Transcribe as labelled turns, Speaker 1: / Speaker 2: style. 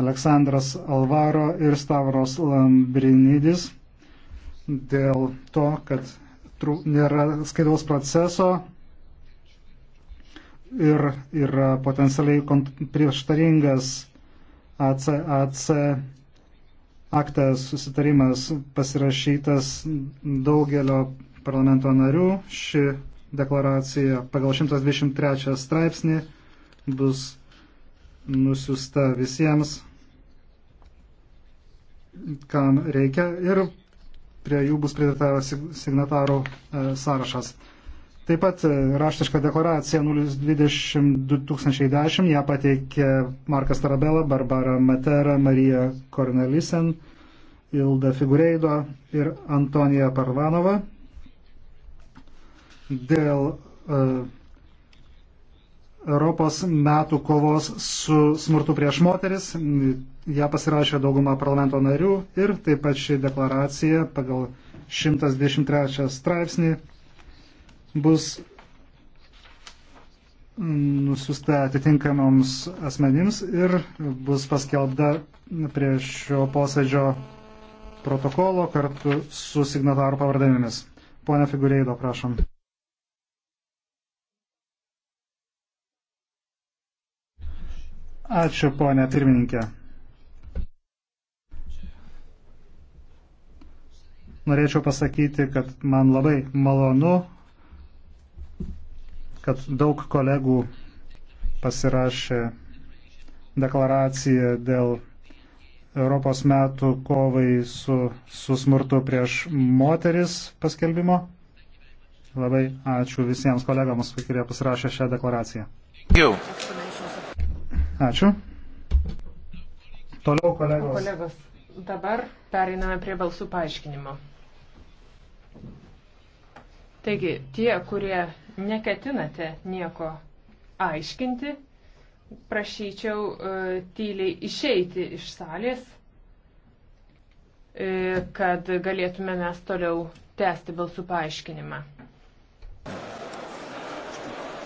Speaker 1: Aleksandras Alvaro ir Stavros Lambrinidis dėl to, kad trū, nėra skaidaus proceso ir yra potencialiai prieštaringas ACAC aktas susitarimas pasirašytas daugelio parlamento narių. Ši deklaracija pagal 123 straipsnį bus nusiusta visiems, kam reikia ir prie jų bus pridėta signatarų e, sąrašas. Taip pat e, raštiška deklaracija 02010, ją pateikė Markas Tarabela, Barbara Matera, Marija Kornelisen, Ilda Figureido ir Antonija Parvanova. Dėl uh, Europos metų kovos su smurtu prieš moteris. Ja pasirašė dauguma parlamento narių ir taip pat ši deklaracija pagal 123 straipsnį bus mm, nusiusta atitinkamoms asmenims ir bus paskelbta prie šio posėdžio protokolo kartu su signatarų pavardėmis. Pone Figureido, prašom. Ačiū, ponė pirmininkė. Norėčiau pasakyti, kad man labai malonu, kad daug kolegų pasirašė deklaraciją dėl Europos metų kovai su, su smurtu prieš moteris paskelbimo. Labai ačiū visiems kolegams, kurie pasirašė šią deklaraciją. Jau. Ačiū. Toliau kolegos. kolegos.
Speaker 2: Dabar pereiname prie balsų paaiškinimo. Taigi, tie, kurie neketinate nieko aiškinti, prašyčiau uh, tyliai išeiti iš salės, uh, kad galėtume mes toliau tęsti balsų paaiškinimą.